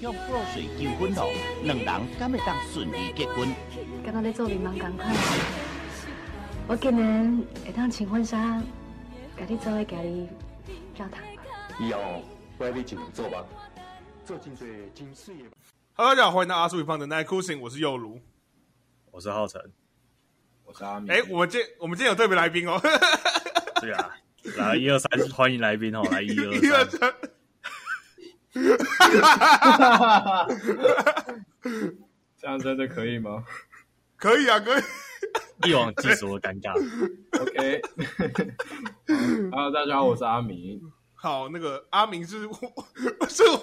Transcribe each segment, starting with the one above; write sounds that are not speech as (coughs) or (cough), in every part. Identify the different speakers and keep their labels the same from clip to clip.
Speaker 1: 用
Speaker 2: 破水求婚，兩人敢會當順利
Speaker 1: 結婚？跟阿麗做檸檬同款。我今年下趟穿婚紗，該你做阿麗教堂。以後吧。最近在金飾業。Hello，大家好，歡迎到阿叔一胖的 Night Cousin，我是幼如，我是浩辰，我是阿明。哎、欸，我們今我們今天有特別來賓哦。對 (laughs) 啊，來
Speaker 2: 一二三，1, 2, 3, (laughs) 歡迎來賓哦，來一二
Speaker 1: 三。 (laughs) 1, 2, 哈
Speaker 2: 哈哈哈哈哈！ (laughs) (laughs) 這樣真的可以嗎？
Speaker 1: 可以啊，可以 (laughs) 我
Speaker 2: 一網所索，尷尬 (laughs)
Speaker 1: Okay. (laughs) OK，Hello，大家好，我是阿明。好，那個阿明是是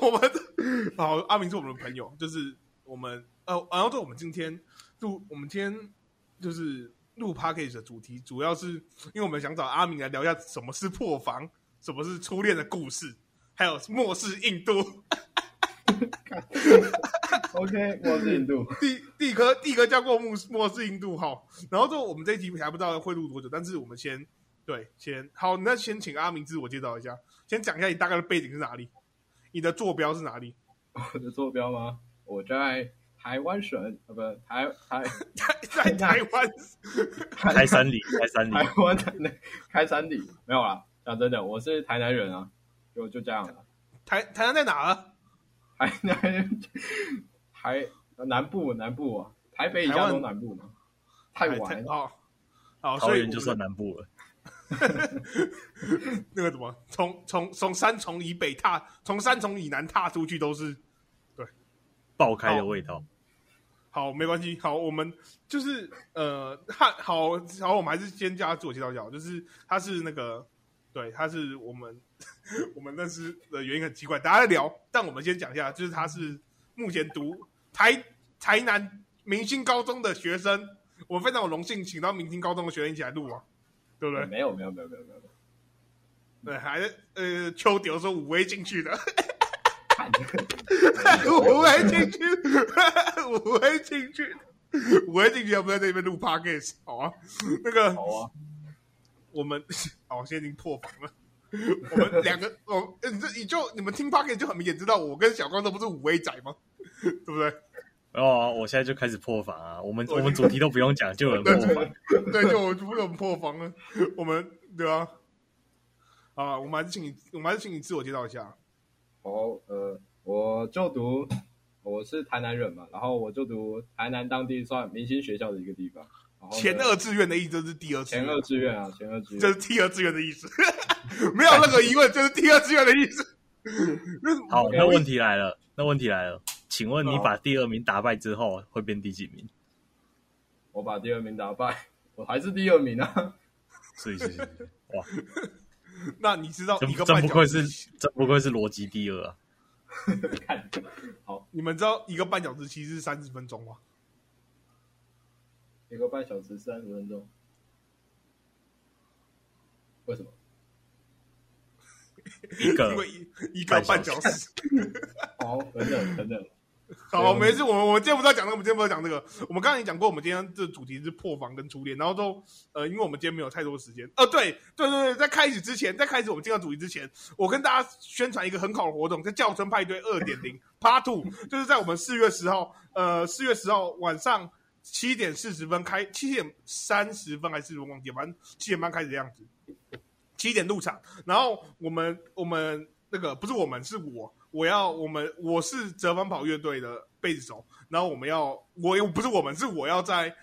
Speaker 1: 我們的，好，阿明是我們的朋友，就是我們呃，然後就我們今天錄，我們今天就是錄 podcast 的主題，主要是因為我們想找阿明來聊一下什麼是破防，什麼是初戀的故事。還有末世印度 (laughs) ，OK，末世印度。第第顆第哥叫過末末世印度哈。然後就我們這一集還不知道會錄多久，但是我們先對先好，那先請阿明自我介紹一下，先講一下你大概的背景是哪裡，你的坐標是哪裡？
Speaker 2: 我的坐標嗎？我在台灣省啊，不，台台
Speaker 1: 台在台灣，
Speaker 2: 開山里，開山台里，台灣台，台開山里，沒有啦。講、啊、真的，我是台南人啊。就就這樣了。台台南在哪兒、啊？台
Speaker 1: 南台
Speaker 2: 南部，南部、啊、台北以下都南部嘛。太晚了
Speaker 1: 啊，好，所以桃園就算南部了。那個什麼，從從從三重以北踏，從三重以南踏出去都是，對，爆開的味道好。好，沒關係。好，我們就是呃，他好好，我們還是先叫他自我介紹一下，就是他是那個。對，他是我們我們認識的原因很奇怪，大家在聊，但我們先講一下，就是他是目前讀台台南明星高中的學生，我非常有榮幸請到明星高中的學生一起來錄啊，對不對？沒有，沒有，沒
Speaker 2: 有，
Speaker 1: 沒有，沒有，對，還是呃，邱迪說五 A 進去的， (laughs) (laughs) 五 A 進， (laughs) 進去，五 A 進去，五 A 進去，要不要在那邊錄 Podcast？好啊，那個好啊。 (laughs) 我們哦，現在已經破防了。 (laughs) 我們兩個哦，你這你就你們聽 Podcast 就很明顯知道，我跟小光都不是五 A 仔嗎？ (laughs) 對不對？啊、哦，我現在就開始破防啊！我們我們主題都不用講，就有人破防。對， (laughs) 就不用破防了。 (laughs) (laughs) (laughs) 我們對啊。啊，我們還是請你，我們還是請你自我介紹一下。好，呃，
Speaker 2: 我就讀，我是台南人嘛，然後我就讀台南當地算明星學校的一個地方。前二志願的意思是第二志願啊，前二志願，這是第二志願的意
Speaker 1: 思，沒有任何疑問，這是第二志願的意思。好，那問
Speaker 2: 題來了，那問題來了，請問你把第二名打敗之後會變第幾名？我把第二名打敗，我還是第二名啊。
Speaker 1: 是是是，哇！那你知道？這不愧是
Speaker 2: 這不愧是邏輯第二啊。看，
Speaker 1: 好，你們知道一個半小時其實是三十分鐘嗎？
Speaker 2: 一個半小時，
Speaker 1: 三十分鐘，為什麼？一個因為一個半小時，小時 (laughs) 好，等
Speaker 2: 等等等，好，沒
Speaker 1: 事，我們我們今天不要講這個，我們今天不要講這個，我們剛才也講過，我們今天這主題是破防跟初戀，然後都呃，因為我們今天沒有太多時間，哦、呃，對對對對,對，在開始之前，在開始我們進到主題之前，我跟大家宣傳一個很好的活動，叫叫聲派對二點零 Part Two，就是在我們四月十號，呃，四月十號晚上。七點四十分開，七點三十分還是什麼忘記，反正七點半開始的樣子。七點入場，然後我們我們那個不是我們，是我我要我們我是折返跑樂隊的貝斯手，然後我們要我又不是我們是我要在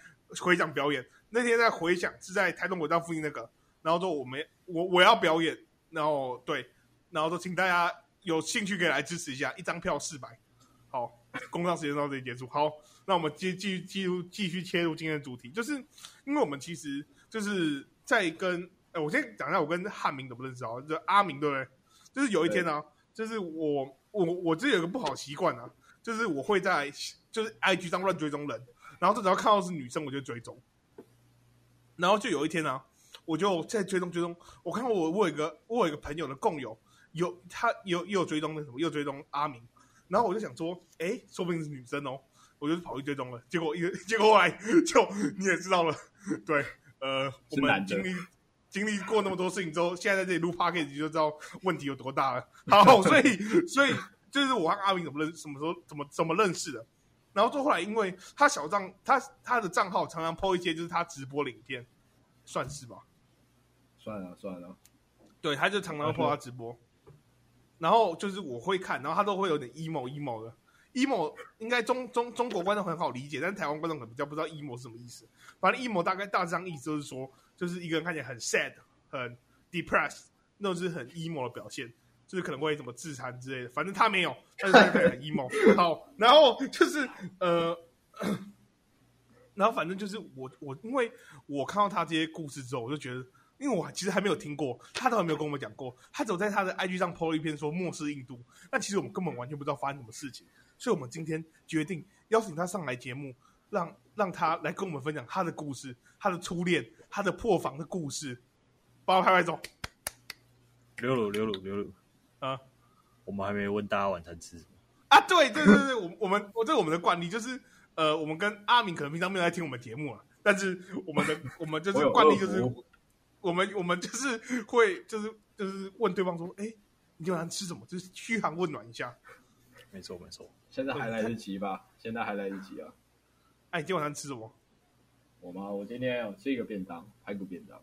Speaker 1: 回想表演。那天在回想是在台東國道附近那個，然後說我們我我要表演，然後對，然後說請大家有興趣可以來支持一下，一張票四百，好。工作時間到這裡結束。好，那我們繼繼續進入繼續切入今天的主題，就是因為我們其實就是在跟，哎、欸，我先講一下我跟漢明怎麼認識哦，就阿明對不對？就是有一天呢、啊，欸、就是我我我這有個不好習慣呢，就是我會在就是 IG 上亂追蹤人，然後就只要看到是女生我就追蹤，然後就有一天呢、啊，我就在追蹤追蹤，我看到我我有一個我有一個朋友的共有有他有又追蹤那什麼又追蹤阿明。然後我就想說，哎，說不定是女生哦，我就是跑去追蹤了。結果一結果後來就你也知道了。對，呃，是我們經歷經歷過那麼多事情之後，現在在這裡錄 podcast 就知道問題有多大了。好，所以 (laughs) 所以就是我和阿明怎麼認什麼時候怎麼怎麼，怎麼認識的。然後最後來，因為他小賬他他的賬號常常 po 一些就是他直播影片，算是吧？算
Speaker 2: 了算了，算
Speaker 1: 了對，他就常常會 po 他直播。然後就是我會看，然後他都會有點 emo emo 的，emo 應該中中中國觀眾很好理解，但是台灣觀眾可能比較不知道 emo 是什麼意思。反正 emo 大概大致上意思就是說，就是一個人看起來很 sad、很 depressed，那種是很 emo 的表現，就是可能會怎麼自殘之類的。反正他沒有，但是他看起來很 emo。 (laughs) 好，然後就是呃，然後反正就是我我因為我看到他這些故事之後，我就覺得。因為我其實還沒有聽過，他都還沒有跟我們講過，他走在他的 IG 上 po 了一篇說漠視印度，那其實我們根本完全不知道發生什麼事情，所以我們今天決定邀請他上來節目，讓讓他來跟我們分享他的故事，他的初戀，他的破防的故事。把拍拍走，
Speaker 2: 劉魯劉魯劉魯啊！我們還沒問大家晚餐吃
Speaker 1: 什麼啊？對對對對，我們我們我這個、我們的慣例就是，呃，我們跟阿明可能平常沒有來聽我們節目啊，但是我們的我們就是慣例就是。 (laughs) 我們我們就是會就是就是問對方說，哎，你今晚上吃什麼？就是噓寒問暖一下。沒錯沒錯，現在還來得及吧？對現在還來得及啊！哎，你今晚吃什麼？
Speaker 2: 我嗎？我今天要吃一個便當，排骨便當。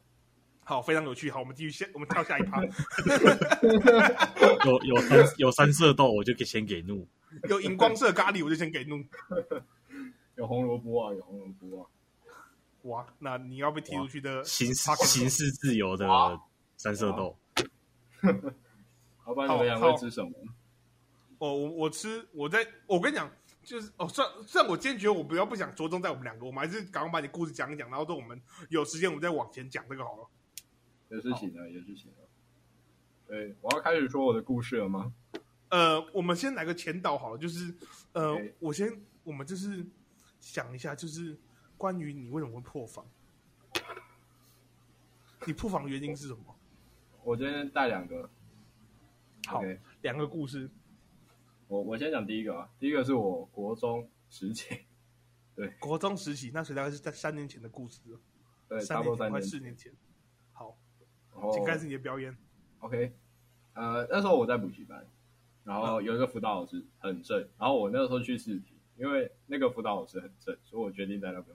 Speaker 1: 好，非常有趣。好，我們繼續先，先我們跳下一趴 (laughs) (laughs) 。
Speaker 2: 有有三有三色豆，我就給先給怒。
Speaker 1: 有熒光色咖喱，我就先給怒。有，給
Speaker 2: 怒 (laughs) 有紅蘿蔔啊，有
Speaker 1: 紅蘿蔔啊。哇，那你要被踢出去的刑事哇刑
Speaker 2: 事自由的三色豆，老
Speaker 1: 闆怎麼樣？會吃什麼？哦 (laughs) (laughs) 好，我我吃，我在，我跟你講，就是哦，算算，我堅決，我不要不想着重在我們兩個，我們還是趕快把你的故事講一講，然後等我們有時間，我們再往前講這個好了。
Speaker 2: 也是行的，
Speaker 1: 也是行
Speaker 2: 的。對，我要開始說我的故事了嗎？
Speaker 1: 呃，我們先來個前導好了，就是呃，Okay. 我先，我們就是想一下，就是。關於你為什麼會破防？你破防的原因是什麼？
Speaker 2: 我今天帶兩個，
Speaker 1: 好，兩 Okay. 個故事。
Speaker 2: 我我先講第一個啊，第一個是我國中時期，
Speaker 1: 對，國中時期，那時大概是在三年前的故事，對，三年，三年四年前。哦，好，請開始你的表演。
Speaker 2: OK，呃，那時候我在補習班，然後有一個輔導老師很正，然後我那個時候去試題，因為那個輔導老師很正，所以我決定在那邊。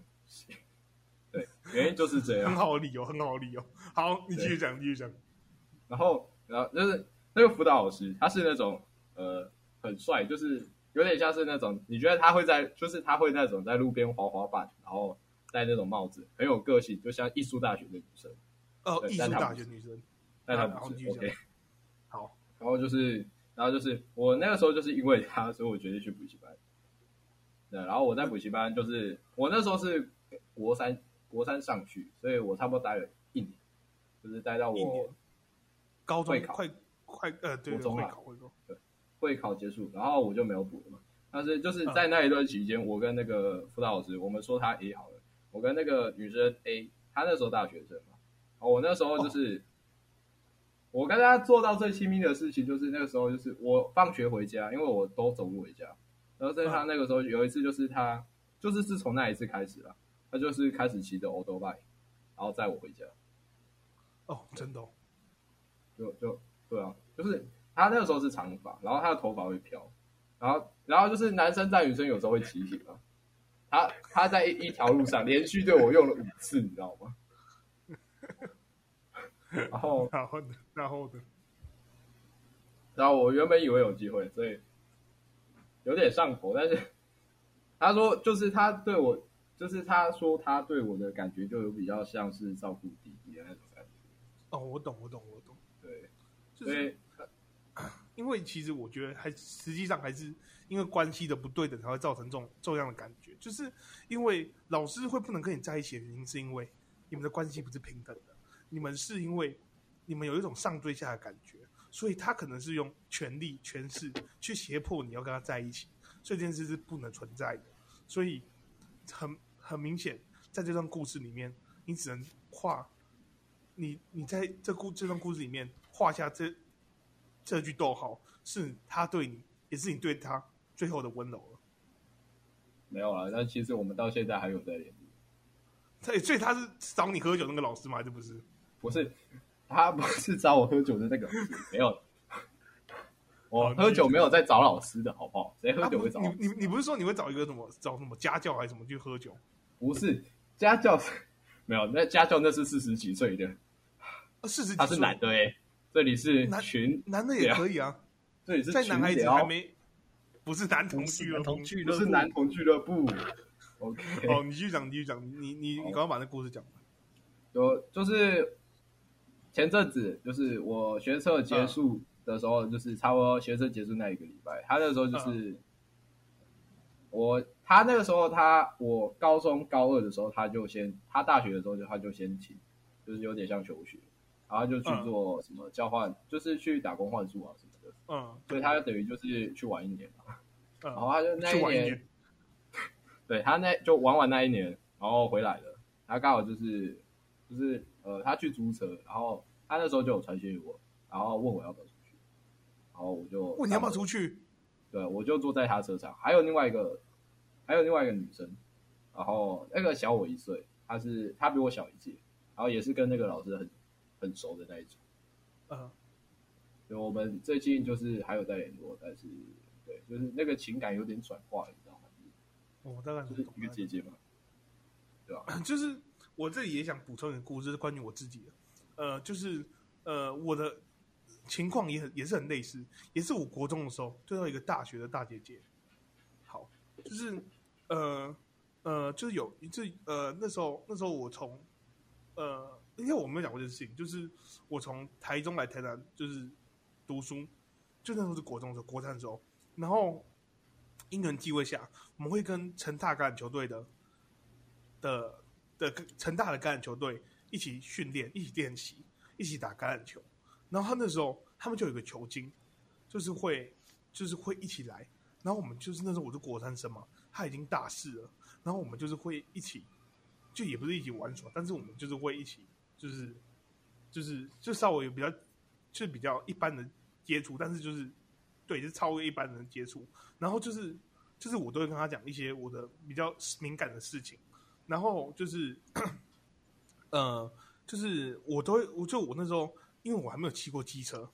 Speaker 1: (laughs)
Speaker 2: 對，原因就是這樣。 (laughs) 很好
Speaker 1: 理由，很好理由。好，你繼續講，繼對續講。
Speaker 2: 然後，然後就是那個輔導老師，他是那種呃，很帥，就是有點像是那種你覺得他會在，就是他會那種在路邊滑滑板，然後戴那種帽子，很有個性，就像藝術大學的女生。哦，藝術對大學女
Speaker 1: 生，帶他女生，然後，然
Speaker 2: 後 OK。好，然後就是，然後就是我那個時候就是因為他，所以我決定去補習班。然後我在補習班就是、嗯、我那時候是國三國三上去，所以我差不多待了一年，就是待到我高中，我
Speaker 1: 中會考快快呃對對會
Speaker 2: 考對會考結束，然後我就沒有補了嘛。但是就是在那一段期間，嗯、我跟那個輔導老師，我們說他 A 好了，我跟那個女生 A，她那時候大學生嘛，我那時候就是、哦、我跟她做到最親密的事情，就是那個時候就是我放學回家，因為我都走路回家。然後在他那個時候，有一次就是他，嗯、就是自從那一次開始了，他就是開始騎着 Old Bike，然後載我回家。
Speaker 1: 哦，真的、哦，就？
Speaker 2: 就就對啊，就是他那個時候是長髮，然後他的頭髮會飄，然後然後就是男生載女生有時候會騎行嘛、啊。他他在一,一條路上連續對我用了五次， (laughs) 你知道嗎？
Speaker 1: (laughs) (laughs) 然後然後的，後的
Speaker 2: 然後我原本以為有機會，所以。有點上頭，但是他說就是他對我，就是他說他對我的感覺就有比較像是照顧弟弟的那
Speaker 1: 種感覺。哦，我懂，我懂，我懂。對，就是對因為其實我覺得還實際上還是因為關係的不對等才會造成這種這樣的感覺。就是因為老師會不能跟你在一起的原因是因為你們的關係不是平等的，你們是因為你們有一種上對下的感覺。所以他可能是用權力、權勢去脅迫你要跟他在一起，所以這件事是不能存在的。所以很很明顯，在這段故事裡面，你只能畫，你你在這故這段故事裡面畫下這這句逗號，是他對你，也是你對他最後的溫柔了。
Speaker 2: 沒有了，但其實我們到現在還有在聯
Speaker 1: 繫。對，所以他是找你喝酒那個老師嗎？這不是？不是。他不是找我喝酒的那個，
Speaker 2: 沒有，我喝酒沒有在找老師的好不好？誰喝酒會找
Speaker 1: 你？你你不是說你會找一個什麼找什麼家教還是什麼去喝酒？
Speaker 2: 不是家教，沒有那家教那是四十幾歲的，四
Speaker 1: 十幾歲他是男的、欸、
Speaker 2: 這裡是群、啊、男,男的也可
Speaker 1: 以啊，這裡是群在男孩子沒不是男同俱樂部，同俱樂是男同俱樂部。部部 OK，哦，你繼續講，繼續講，你想你你趕快好把那故事講完。有就,就是。
Speaker 2: 前陣子就是我學車結束的時候，就是差不多學車結束那一個禮拜，嗯、他那個時候就是我，嗯、他那個時候他我高中高二的時候，他就先他大學的時候就他就先請，就是有點像求學，然後就去做什麼交換，嗯、就是去打工換宿啊什麼的，嗯，所以他就等於就是去玩一年嘛，嗯、然後他就那一年，一年對他那就玩完那一年，然後回來了，他剛好就是就是。呃，他去租車，然後他那時候就有傳訊我，然後問我要不要出去，然後我就問你要不要出去，對，我就坐在他車上，還有另外一個，還有另外一個女生，然後那個小我一歲，她是她比我小一屆，然後也是跟那個老師很很熟的那一種，嗯，就我們最近就是還有在聯絡，但是對，就是那個情感有點轉化，你知道嗎？哦、我當然就懂，
Speaker 1: 就是一個姐姐嘛，嗯、對吧、啊？就是。我這裡也想補充一個故事，是關於我自己的。呃，就是呃，我的情況也很也是很類似，也是我國中的時候遇到一個大學的大姐姐。好，就是呃呃，就是有一次，呃，那時候那時候我從呃，因為我沒有講過這個事情，就是我從台中來台南就是讀書，就那時候是國中的時候，國產的時候，然後因緣際會下，我們會跟成大橄欖球隊的的。的呃、跟成大的橄欖球隊一起訓練，一起練習，一起打橄欖球。然後他那時候，他們就有個球經，就是會，就是會一起來。然後我們就是那時候我是國三生嘛，他已經大四了。然後我們就是會一起，就也不是一起玩耍，但是我們就是會一起、就是，就是，就是就稍微有比較，就是比較一般的接觸，但是就是，對，就是、超越一般人的接觸。然後就是，就是我都會跟他講一些我的比較敏感的事情。然後就是， (coughs) 呃，就是我都會，我就我那時候，因為我還沒有騎過機車，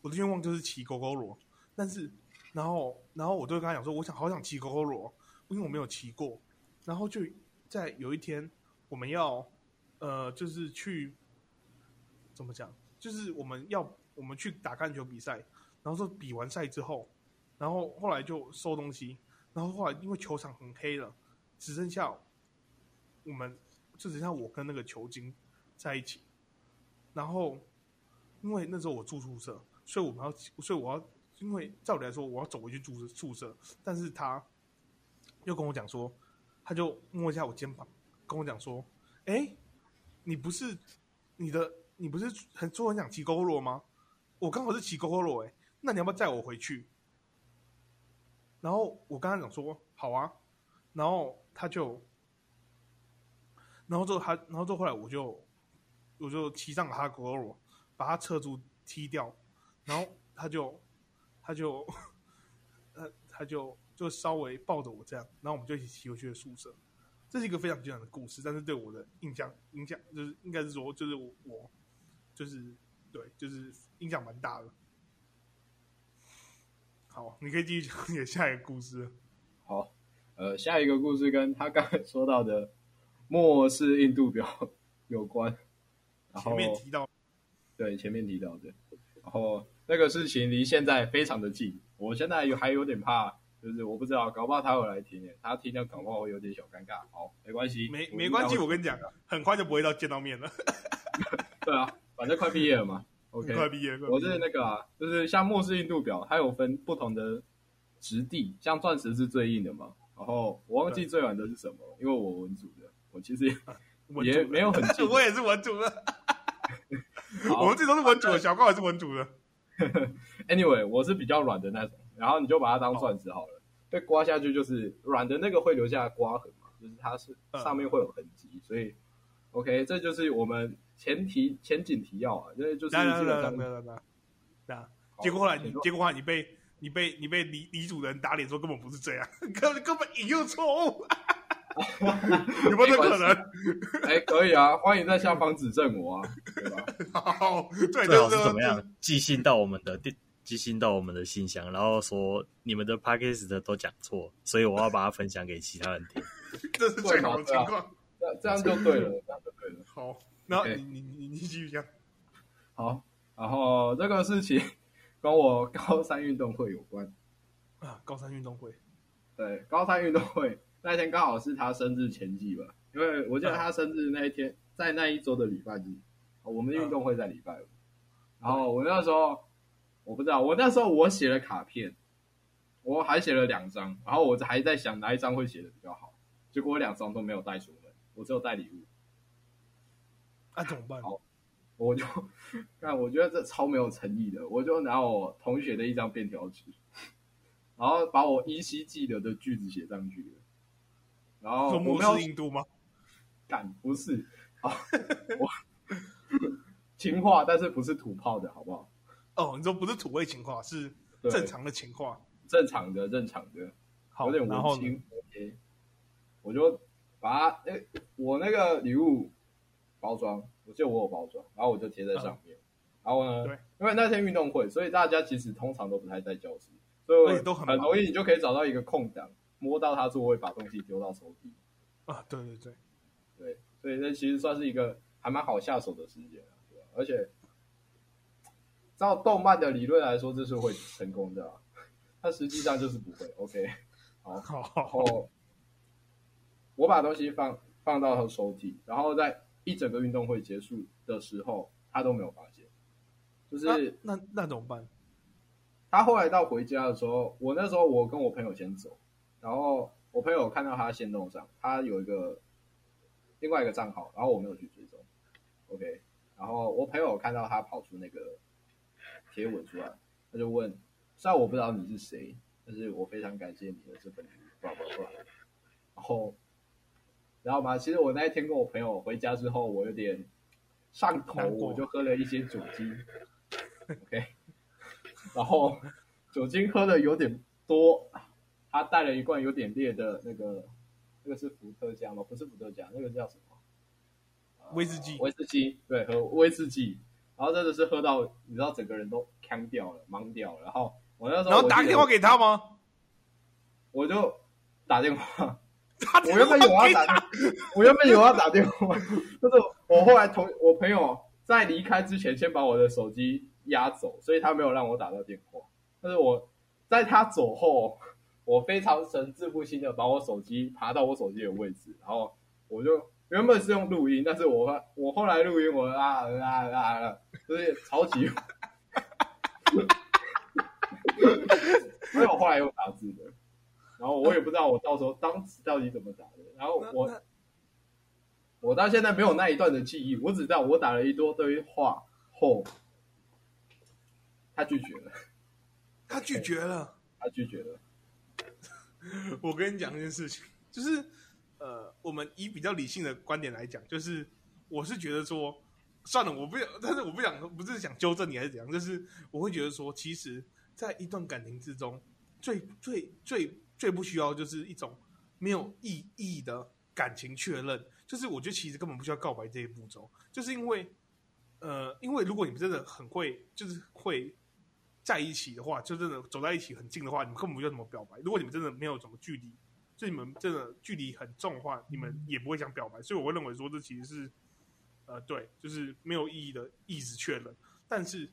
Speaker 1: 我的願望就是騎勾勾羅。但是，然後，然後我就會跟他講說，我想，好想騎勾勾羅，因為我沒有騎過。然後就在有一天，我們要，呃，就是去，怎麼講？就是我們要，我們去打橄欖球比賽。然後說比完賽之後，然後後來就收東西。然後後來因為球場很黑了，只剩下。我們就只剩下我跟那個球精在一起。然後，因為那時候我住宿舍，所以我們要，所以我要，因為照理來說我要走回去住，住宿舍。但是他又跟我講說，他就摸一下我肩膀，跟我講說：“哎，你不是你的，你不是很說很想騎 Gogoro 嗎？我剛好是騎 Gogoro，誒，那你要不要載我回去？”然後我跟他講說：“好啊。”然後他就。然後之後他，然後之後來我就，我就騎上了他的 Gogoro，把他車柱踢掉，然後他就他就，呃，他就就稍微抱着我這樣，然後我們就一起騎回去的宿舍。這是一個非常非常的故事，但是對我的印象，印象就是應該是說，就是我，就是對，就是印象蠻大的。好，你可以繼續講解下一個故事。
Speaker 2: 好，呃，下一個故事跟他剛才說到的。莫氏硬度表有關前，前面提到，對，前面提到的。然後那個事情離現在非常的近，我現在有還有點怕，就是我不知道搞不好他會來聽，他聽到搞不好我有點小尷尬。好，沒關係，沒沒關係，我，我跟
Speaker 1: 你講，很快就不會到見到面了。 (laughs) (laughs) 對啊，反正快畢業了嘛。是 OK，快畢
Speaker 2: 業了。業我是那個、啊，就是像莫氏硬度表，它有分不同的質地，像鑽石是最硬的嘛。然後我忘記最軟的是什麼，對因為我文組的。我其實也、啊、也沒有很主， (laughs) 我也是文
Speaker 1: 組的。 (laughs) (laughs) 好我們這都是文組
Speaker 2: 的，小高也是文組的。啊、 (laughs) anyway，我是比較軟的那種，然後你就把它當鑽石好了，哦、被刮下去就是軟的那個會留下刮痕嘛，就是它是上面會有痕跡，嗯、所以 OK，這就是我們前提、嗯、前景提要啊，因為就是你的。
Speaker 1: 那結果你錯結果後來你被你被你被李李主任打臉說根本不是這樣，根根本引用錯誤。 (laughs) 你們 (laughs) 有沒有這可能？
Speaker 2: 哎、啊，可以啊，歡迎在下方指正我啊。對吧？好，對最好是怎麼樣？寄信到我們的電，寄信到我們的信箱，然後說你們的 podcast 都講錯，所以我要把它分享給其他人聽。
Speaker 1: 這是最好的情況。啊、那這樣就對了，這樣就對了。好，那 Okay. 你你你你繼續講。
Speaker 2: 好，然後這個事情跟我高三運動會有關
Speaker 1: 啊。高三運動會，
Speaker 2: 對，高三運動會。那天剛好是他生日前夕吧，因為我記得他生日那一天、嗯、在那一周的禮拜日，我們運動會在禮拜五。嗯、然後我那時候、嗯、我不知道，我那時候我寫了卡片，我還寫了兩張，然後我還在想哪一張會寫的比較好，結果我兩張都沒有帶出門，我只有帶禮物。那、啊、怎麼辦？好，我就看，我覺得這超沒有誠意的，我就拿我同學的一張便條紙，然後把我依稀記得的句子寫上去了。然後我不是印度嗎？敢不是啊？ (laughs) 情話，但是不是土炮
Speaker 1: 的好不好？哦，你說不是土味情話，是正常的情話。
Speaker 2: 正常的，正常的，好有點溫馨。我就把它，我那個禮物包裝，我記得我有包裝，然後我就貼在上面。哦、然後呢，嗎因為那天運動會，所以大家其實通常都不太在教室，所以都很很容易，你就可以找到一個空檔。摸到他座位，把東西丟到抽屜
Speaker 1: 啊！對對對，
Speaker 2: 對，所以這其實算是一個還蠻好下手的時間，啊、而且照動漫的理論來說，這是會成功的啊。他實際上就是不會。 (laughs) OK，好，好，好，好，我把東西放放到他抽屜，然後在一整個運動會結束的時候，他都沒有發現。就是那那，那怎麼辦？他後來到回家的時候，我那時候我跟我朋友先走。然後我朋友看到他先弄上，他有一個另外一個賬號，然後我沒有去追蹤。OK，然後我朋友看到他跑出那個貼文出來，他就問：雖然我不知道你是誰，但是我非常感謝你的這份報然後，然後嘛，其實我那一天跟我朋友回家之後，我有點上頭，我就喝了一些酒精。
Speaker 1: OK，
Speaker 2: 然後酒精喝的有點多。他帶了一罐有點烈的那個，那個是伏特加嗎？不是伏特加，那個叫什麼？威士忌，呃。威士忌，對，喝威士忌。然後真的是喝到，你知道，整個人都腔掉了，懵掉了。然後我那時候，然後打電話給他嗎？我就打電話，電話我原本有要打，我原本有要打電話，但是我後來同我朋友在離開之前，先把我的手機押走，所以他沒有讓我打到電話。但，就是我在他走後。我非常神志不清的把我手機爬到我手機的位置，然後我就原本是用錄音，但是我我後來錄音，我啊啊啊啊，就是超級，哈哈哈沒有，後來又打字的，然後我也不知道我到時候當時到底怎麼打的，然後我我到現在沒有那一段的記憶，我只知道我打了一多堆話後，
Speaker 1: 他拒絕了，他拒絕了，他拒絕了。我跟你講一件事情，就是，呃，我們以比較理性的觀點來講，就是，我是覺得說，算了，我不想，但是我不想說，不是想糾正你還是怎樣，就是我會覺得說，其實，在一段感情之中，最最最最不需要就是一種沒有意義的感情確認，就是我覺得其實根本不需要告白這一步驟，就是因為，呃，因為如果你真的很會，就是會。在一起的話，就真的走在一起很近的話，你們根本不用怎麼表白。如果你們真的沒有什麼距離，就你們真的距離很重的話，你們也不會想表白。所以我會認為說這其實是，呃，對，就是沒有意義的意思確認。但是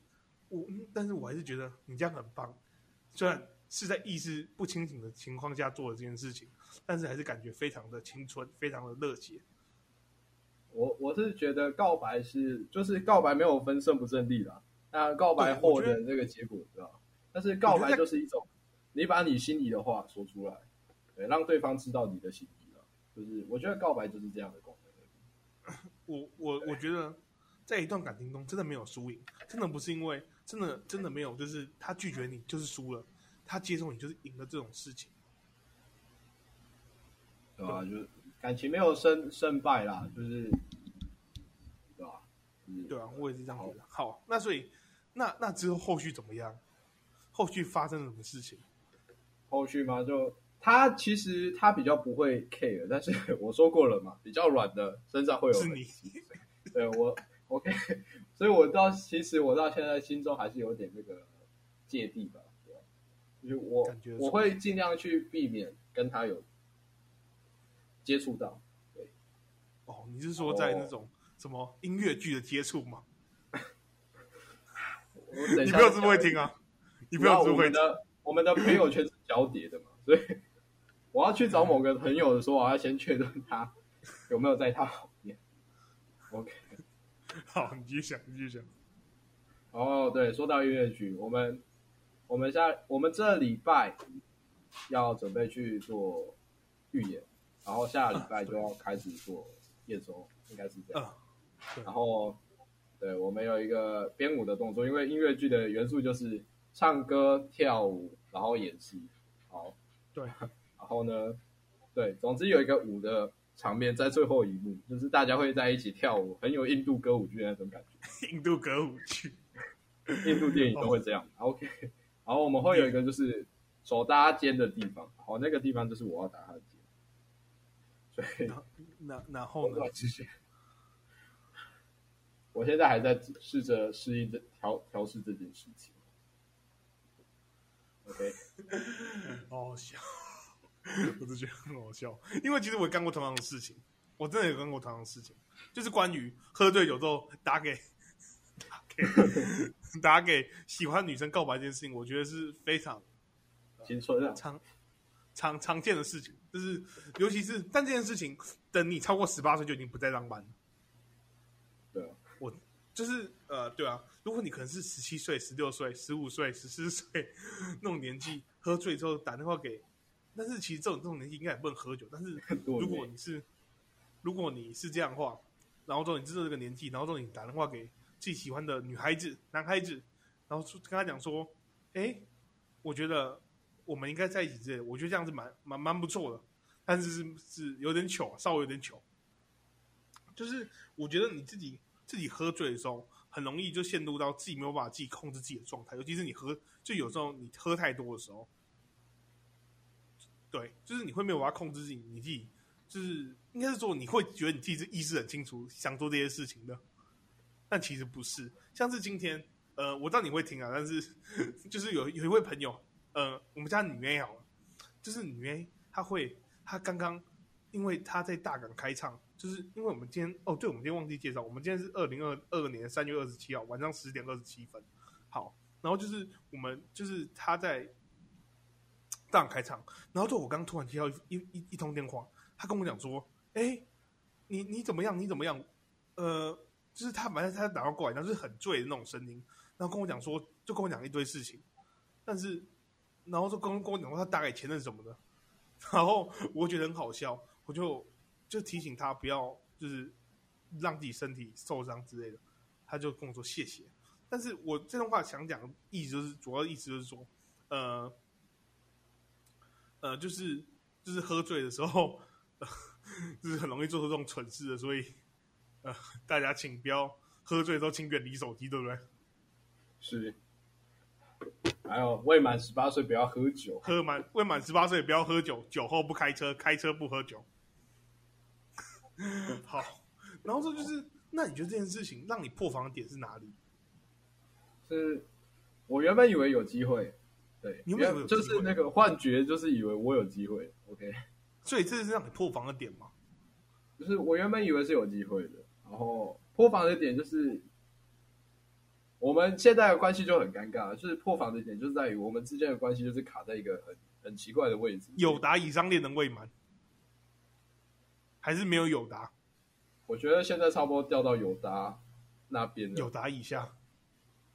Speaker 1: 我，但是我還是覺得你這樣很棒，雖然是在意識不清醒的情況下做的這件事情，但是還是感覺非常的青春，非常的熱血。
Speaker 2: 我我是覺得告白是，就是告白沒有分勝不勝利啦。那告白後的這個結果你知道，對吧？但是告白就是一種，你把你心裡的話說出來，對，讓對方知道你的心意，了，就是我覺得告白就是這樣的功
Speaker 1: 能。我我對我覺得，在一段感情中，真的沒有輸贏，真的不是因為真的真的沒有，就是他拒絕你就是輸了，他接受你就是贏了這種事情。對
Speaker 2: 吧、啊？就是感情沒有勝勝敗啦，
Speaker 1: 就是，對吧、啊？就是、對啊，我也是這樣覺得。好，好、啊，那所以。那那之後後續怎麼樣？後續發生了什麼事情？後續嘛，
Speaker 2: 就他其實他比較不會 care，但是我說過了嘛，比較軟的身上會有。是你？所以 (laughs) 對，我 OK，所以我到其實我到現在心中還是有點那個芥蒂吧。就是、我感覺我會盡量去避免跟他有接觸到。對哦，
Speaker 1: 你是說在那種什麼音樂劇的接觸嗎？哦我，你不要這麼會聽啊！你不要這麼會聽。我們的。我們的朋友圈是交
Speaker 2: 疊的嘛，所以我要去找某個朋友的時候，我要先確認他有沒有在他旁
Speaker 1: 邊。OK，好，你繼續，你繼續。然
Speaker 2: 後對，說到音樂劇，我們我們下我們這禮拜要準備去做預演，然後下禮拜就要開始做驗收，uh, 對應該是這樣。Uh, 對然後。對，我們有一個編舞的動作，因為音樂劇的元素就是唱歌、跳舞，然後演戲。好，對、啊，然後呢，對，總之有一個舞的場面在最後一幕，就是大家會在一起跳舞，很有印度歌舞劇那種感覺。印度歌舞劇， (laughs) 印度電影都會這樣。哦、OK，然後我們會有一個就是手搭肩的地方，好，那個地方就是我要搭他的肩。對，
Speaker 1: 那然後呢？
Speaker 2: 我現在還在試着適應
Speaker 1: 這調調試這件事情。OK、哦、好笑，我就覺得很好笑，因為其實我也幹過同樣的事情，我真的有幹過同樣的事情，就是關於喝醉酒之後打給打給 (laughs) 打給喜歡的女生告白這件事情，我覺得是非常青春常常常見的事情，就是尤其是但這件事情，等你超過十八歲就已經不再浪漫了。就是呃，對啊，如果你可能是十七歲、十六歲、十五歲、十四歲那種年紀，喝醉之後打電話給，但是其實這種這種年紀應該也不能喝酒。但是如果你是，如果你是這樣的話，然後說你知道這個年紀，然後說你打電話給自己喜歡的女孩子、男孩子，然後跟他講說，哎，我覺得我們應該在一起之類，我覺得這樣子蠻蠻蠻不錯的，但是是，是有點糗啊，稍微有點糗。就是我覺得你自己。自己喝醉的時候，很容易就陷入到自己沒有辦法自己控制自己的狀態。尤其是你喝，就有時候你喝太多的時候，對，就是你會沒有辦法控制自己，你自己就是應該是說你會覺得你自己是意識很清楚，想做這些事情的，但其實不是。像是今天，呃，我知道你會聽啊，但是呵呵就是有有一位朋友，呃，我們家女 A 好，就是女 A 她會，她剛剛因為她在大港開唱。就是因為我們今天哦，對，我們今天忘記介紹，我們今天是二零二二年三月二十七號晚上十點二十七分。好，然後就是我們就是他在，大開場，然後就我剛，剛突然接到一一一通電話，他跟我講說，哎，你你怎麼樣？你怎麼樣？呃，就是他反正他打到過來，然後就是很醉的那種聲音，然後跟我講說，就跟我講一堆事情，但是然後就跟我講剛他打給前任什麼的，然後我覺得很好笑，我就。就提醒他不要，就是讓自己身體受傷之類的。他就跟我說謝謝，但是我這段話想講的意思就是，主要意思就是說，呃，呃，就是就是喝醉的時候呵呵，就是很容易做出這種蠢事的，所以呃，大家請不要喝醉的時候請遠離手機，對不對？
Speaker 2: 是。還有未滿十八歲不要喝酒，
Speaker 1: 喝滿未滿十八歲不要喝酒，酒後不開車，開車不喝酒。 (laughs) 好，然後這就是，那你覺得這件事情讓你破防的點是哪裡？是
Speaker 2: 我原本以為有機會，對，你為什麼就是那個幻覺，就是以為我有機會，OK，所以這是讓你破防的點嗎？就是我原本以為是有機會的，然後破防的點就是我們現在的關係就很尷尬，就是破防的點就是在於我們之間的關係就是卡在一個很很奇怪的位置。
Speaker 1: 友達以上戀人未滿。還是沒有友達，
Speaker 2: 我覺得現在差不多掉到友達那邊了，友達以下，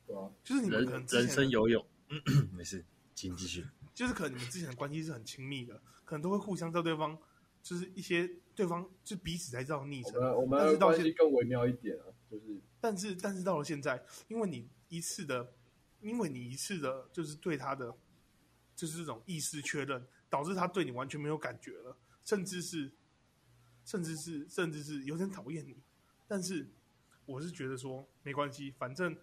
Speaker 2: 對啊，
Speaker 1: 就是你們可能的人，人生游
Speaker 2: 泳嗯，， (coughs) 沒事，請繼續。
Speaker 1: 就是可能你們之前的關係是很親密的， (laughs) 可能都會互相叫對方，就是一些對方就彼此才知道的昵稱。我們但是到現在，我們關係更
Speaker 2: 微妙一點啊，就是
Speaker 1: 但是但是，到了現在，因為你一次的，因為你一次的就是對他的，就是這種意思確認，導致他對你完全沒有感覺了，甚至是。甚至是甚至是有點討厭你，但是我是覺得說沒關係，反正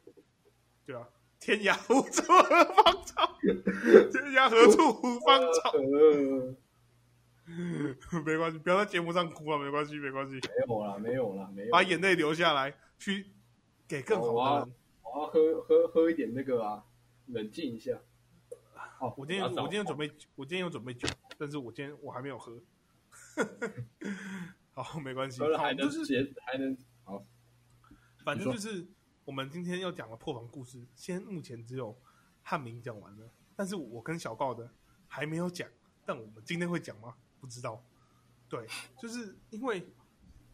Speaker 1: 對啊，天涯何處無芳草。 (laughs) 天涯何處無芳草。 (laughs) (laughs) 沒關係，不要在節目上哭啊，沒關係，沒關係，沒有啦，沒有啦沒有啦，把眼淚流下來，去給更好的人。我要，我要喝喝喝一點
Speaker 2: 那個啊，冷靜一下。
Speaker 1: 好，我今天我要，我今天有準備，哦，我今天有準備酒，但是我今天我還沒有喝。 (laughs) 好，沒關係、就是，還能，就是還
Speaker 2: 能好。反正就是
Speaker 1: 說我們今天要講的破防故事，先目前只有阿明講完了，但是我跟小告的還沒有講。但我們今天會講嗎？不知道。對，就是因為，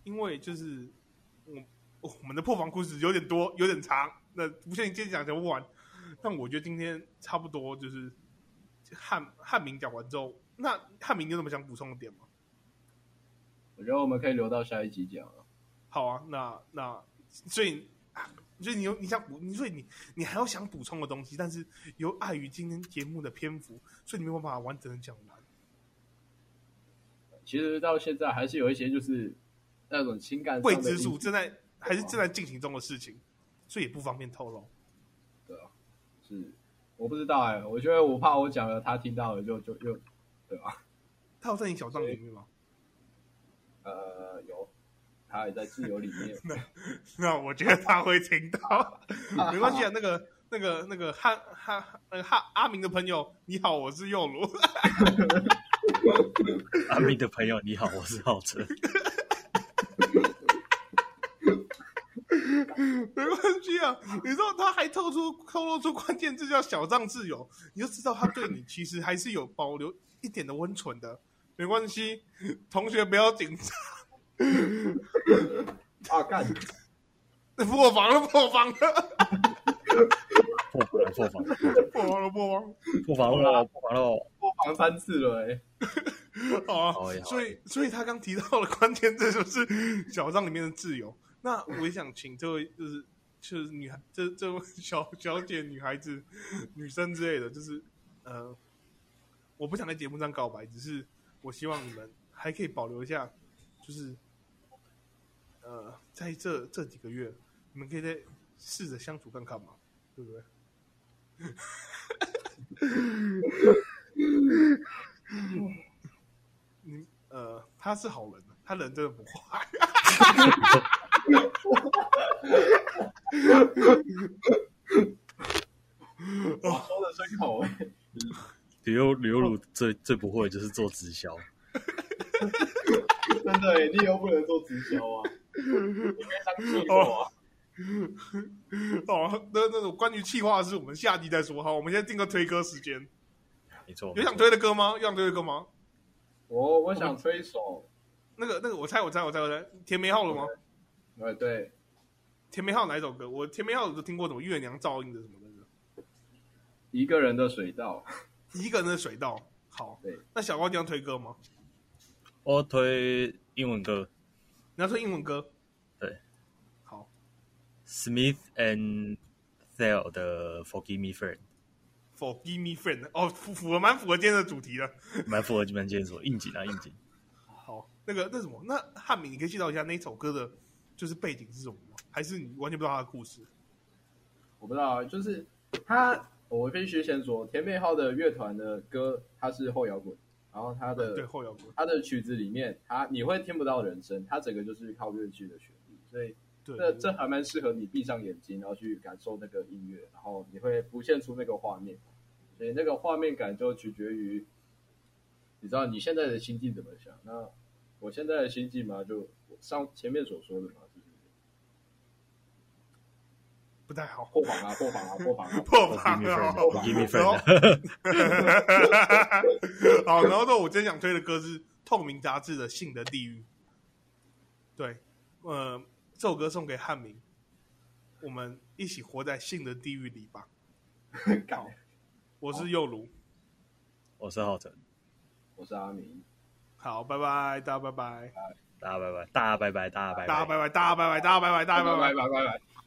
Speaker 1: 因為就是我我們的破防故事有點多，有點長，那不像你今天講講不完。但我覺得今天差不多，就是阿阿明講完之後，那阿明有什麼想補充的點嗎？
Speaker 2: 然後我,我們可以留到下一集講。
Speaker 1: 好啊，那那所以所以你有你想補，所以你你,所以你,你還要想補充的東西，但是有礙於今天節目的篇幅，所以你沒有辦法完整的講完。
Speaker 2: 其實到現在還是有一些就是那種情感未知數正
Speaker 1: 在吧還是正在進行中的事情，所以也不方便透露。
Speaker 2: 對啊，是我
Speaker 1: 不知道哎、欸，我覺得我怕我講了，他聽到了就就就，對吧、啊？他有在你小帳裡面嗎？呃，有，他也在自由裡面 (laughs) 那。那我覺得他會聽到， (laughs) 沒關係啊。 (laughs) 那個、那個、那個哈哈阿、啊啊、明的朋友，你好，我是幼魯。阿、 (laughs) (laughs) 啊、明的朋友，你好，我是浩辰。 (laughs) (laughs) 沒關係啊，你說他還透出透露出關鍵字叫“小張自由”，你就知道他對你其實還是有保留一點的溫存的。沒關係，同學不要緊張。啊幹！破防了，破防了，破防了，破防了，破防了，破防了，破防了，破防三次了哎！好啊，所以，所以他剛提到的關鍵，這就是小張裡面的自由。那我也想請這位就是就是女孩，這這位小小姐、女孩子、女生之類的，就是呃，我不想在節目上告白，只是。我希望你們還可以保留一下，就是，呃，在這這幾個月，你們可以再試着相處看看嘛，對不對？ (laughs) (laughs)
Speaker 2: (laughs)
Speaker 1: 你，呃，他是好人，他人真的不壞。我說的是口
Speaker 2: 劉游旅最、哦、最不會就是做直銷，
Speaker 1: (laughs) 真的耶， (laughs) 你又不能做直銷啊！ (laughs) 你該當主播。哦，那那種關於企劃的事，我們下集再說。好，我們先定個推歌時間。沒錯錯。有想推的歌嗎？有想推的歌嗎？我我想推一首、哦、那個那個，我猜我猜我猜我猜，甜梅號了嗎？哎，對。甜梅號哪一首歌？我甜梅號我都聽過，什麼月娘照應的什麼的。一個人的水道。一個人的水道，好。對那小光這樣推歌嗎？
Speaker 2: 我推英文歌。你要推英文歌？對。好。Smith and Thell 的 Forgive Me Friend。
Speaker 1: Forgive Me Friend，哦，符合蠻符合今天的主題 (laughs) 的，
Speaker 2: 蠻符合今天今天主題。應景啊應景。
Speaker 1: 好，那個那什麼，那漢民，你可以介紹一下那一首歌的，就是背景是什麼嗎？還是你完全不知道他的故事？我不知道，就是
Speaker 2: 他。我必須先說，甜梅號的樂團的歌，它是後搖滾，然後它的對後搖滾，它的曲子裡面，它你會聽不到人聲，它整個就是靠樂器的旋律，所以，對那這還蠻適合你閉上眼睛，然後去感受那個音樂，然後你會浮現出那個畫面，所以那個畫面感就取決於，你知道你現在的心境怎麼想？那我現在的心境嘛，就像前面所說的。嘛。
Speaker 1: 不太好。破防了，破防了，破防了。破防，破防。然後，好，然後說，我今天想推的歌是《透明雜誌》的《性的地獄》。對，呃，這首歌送給漢明，我們一起活在性的地獄裡吧。好，我是佑如，
Speaker 2: 我是浩辰，我
Speaker 1: 是阿明。好，拜拜，大家拜拜，
Speaker 2: 大家拜拜，大家拜拜，大家
Speaker 1: 拜拜，大家拜拜，大家拜拜，大家拜拜，拜拜拜。